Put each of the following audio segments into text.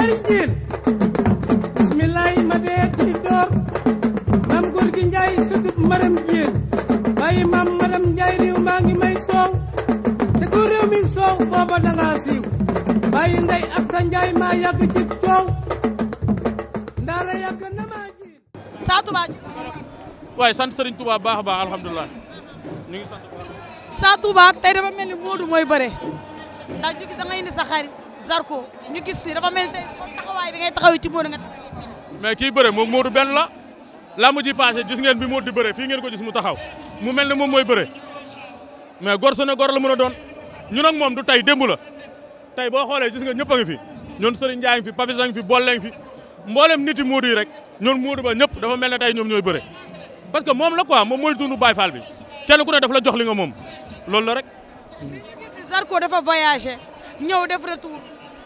alal jiin bismillaay ma dee ci door maam góor gi njaay sëtub maram jiin bàyyi maam maram njaay réew maa ngi may soow te ko réew mi soow booba danga siiw bàyyi ndey ak njaay maa yàgg ci coow ndaara yàgg na maa jiin saa Touba ji waaye sant Serigne Touba baax a baax alhamdulilah ñu tey dafa mel ni Modou mooy bëre ndax jógi da nga indi sa xarit Zarko ñu gis ni dafa mel tey kon taxawaay ki ngay taxawee ci Modou moom Modou benn la laa mu ji passé gis ngeen bi Modou di bëre fii ngeen ko gis mu taxaw mu mel ne moom mooy bëre mais gor su ne gor la mën a doon ñun ak moom du tey démb la tey boo xoolee gis nga ñëpp a ngi fi ñun Serigne Ndiaye ngi fi Papis a ngi fi Bolle ngi fi mboolem nit yi rek ñun Modou ba ñëpp dafa mel ne tey ñoom ñooy bëre parce que moom la ko moom mooy dundu Baye Fall bi kenn ku ne daf la jox li nga moom loolu la rek. Zarko dafa voyagé ñëw def retour.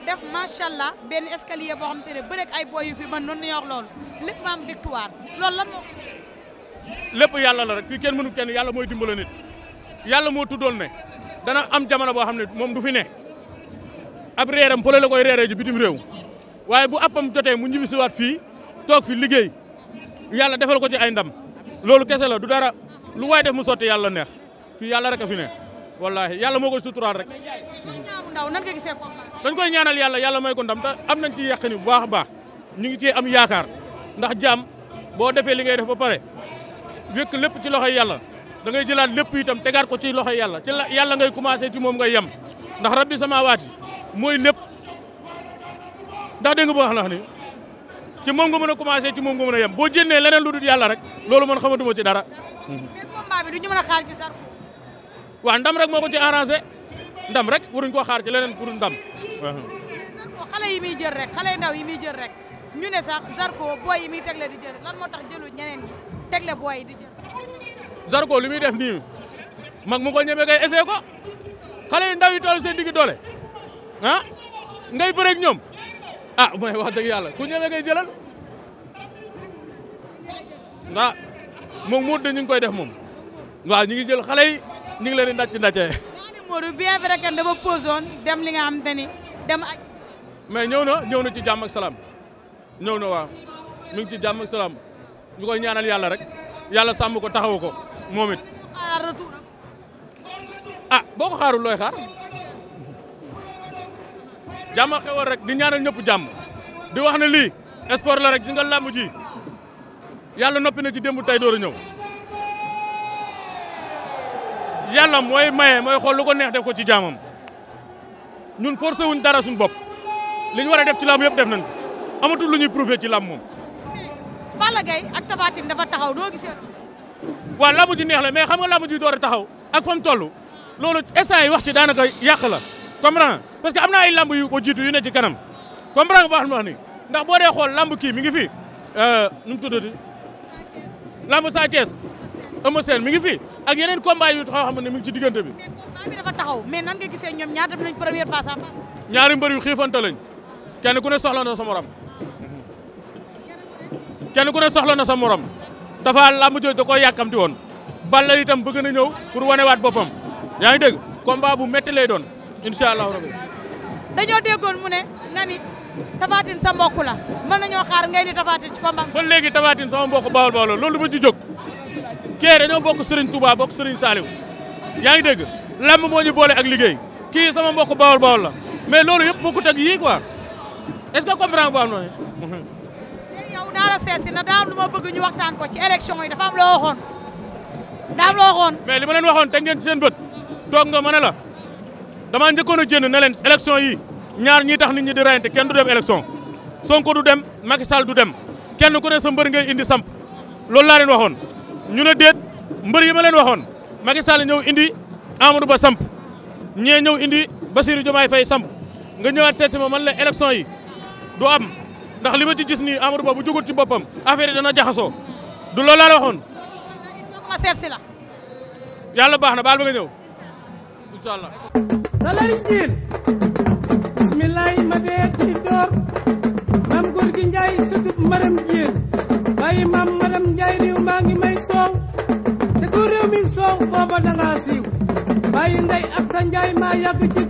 def macha allah benn escalier boo xam te ne bëreeg ay boy yu fi man noonu la loolu lépp ma victoire loolu lan moo. lépp yàlla la rek fii kenn mënu kenn yàlla mooy dimbala nit yàlla moo tuddoon ne dana am jamono boo xam ne moom du fi ne ab réeram pële la koy reeree ji bitim réew waaye bu appam jotee mu ñibbi siwaat fii toog fi liggéey yàlla defal ko ci ay ndam loolu kese la du dara lu waay def mu sotte yàlla neex fi yàlla rek fi ne wallaahi yàlla moo koy suturaal dañ koy ñaanal yalla yalla may ko ndam ta am nañ ci yàqini bu baax baax ñu ngi ci am yaakar ndax jam bo defé li ngay def ba paré wék lepp ci loxoy yalla da ngay jëlat lepp itam tégar ko ci loxoy yalla ci yalla ngay commencé ci mom ngay yam ndax rabbi samaawaati moy lepp da dégg nga bo wax la ni ci mom nga mëna commencé ci mom nga mëna yam bo boo leneen lu dul rek lolu man mo ci dara. mais bi xaar ci ndam rek moko ci arranger ndam rek waruñ koo xaar ci leneen pour ndam. Zarko yi muy jël rek xale ndaw yi muy jël rek ñu ne sax Zarko booy yi mi tegle di jël lan moo tax jëlu ñeneen ñi tegle booy yi di jël. Zarko li muy def nii mag mu ko ñemee kay essayé ko yi ndaw yi toll seen digg doole ah ngay bëreeg ñom ah mooy wax dëgg yàlla ku ñemee kay jëlal ah moom mu de ñu ngi koy def moom waaw ñu ngi jël xale yi ñu ngi leen di ndàcc ndàccee. Modou bi vrai que dafa dem li nga xam te ni dem ak. mais ñëw na ñëw na ci jàmm ak salaam ñëw na waaw mi ngi ci jàmm salaam ñu koy ñaanal yàlla rek yàlla sàmm ko taxawu ko moom it. ah boo ko xaarul looy xaar jàmm ak rek di ñaanal ñëpp jàmm di wax ne lii sport la rek di nga làmb ji yàlla noppi na ci démb tey door a ñëw. yàlla mooy maye mooy xool lu ko neex def ko ci jaamam ñun forcé wuñ dara suñu bopp li war a def ci làmb yëpp def nañ amatul lu ñuy prouver ci làmb moom. Balla Gaye ak Tapha dafa taxaw doo gisee. waaw làmb ji neex la mais xam nga làmb ji door a taxaw ak fa tollu loolu instant yi wax ci daanaka yàq la comprendre parce que am na ay làmb yu ko jiitu yu ne ci kanam comprendre nga baax ma wax ndax boo dee xool làmb kii mi ngi fi euh, nu mu tuddati làmb Sa Thiès mi ngi fi. ak yeneen combat yu taxaw xam ne mi ngi bi. mais taxaw mais nan nga gisee ñoom ñaar def nañ première face à face. ñaari mbër yu xiifante lañ kenn ku ne soxla na sa morom kenn ku ne soxla na sa morom dafa làmb jooju da koo yàkkamti woon Balla itam bëgg na ñëw pour wanewaat boppam yaa ngi dégg combat bu métti lay doon incha allahu rabi. dañoo déggoon mu ne nga ni Tapha Tine sa mbokk la mën nañoo xaar ngay ni Tapha Tine ci combat. ba léegi Tapha Tine sama mbokk bawol loolu du ci jóg. kee dañoo bokk Serigne Touba bokk Serigne Saliou yaa ngi dégg lamb moo ñu boole ak liggéey kii sama mbokk bawol bawol la mais loolu yëpp bokkut ak yii quoi est-ce que comprendre bu am noonu. yow naa la seet si na daa am lu ma ci élection yi dafa am loo waxoon daa mais li ma leen waxoon te ngeen ci seen bët toog nga ma ne la damaa njëkkoon a jënd ne leen élection yi ñaar ñii tax nit ñi di du dem élection Sonko du dem Macky Sall du dem kenn ku ne sa mbër ngay indi samp loolu laa leen ñu ne déet mbër yi ma leen waxoon Macky Sall ñëw indi Amadou Ba samp ñee ñëw indi Bassirou Diomaye Faye samp nga ñëwaat seet si ma man la élection yi du am ndax li ma ci gis nii Amadou Ba bu jógut ci boppam affaire yi dana jaxasoo du loolu waxoon. ma seet la. yàlla baax na bal ba nga ñëw. incha allah. booba dangaa siiw bàyyi ndey a sa maa yàgg ci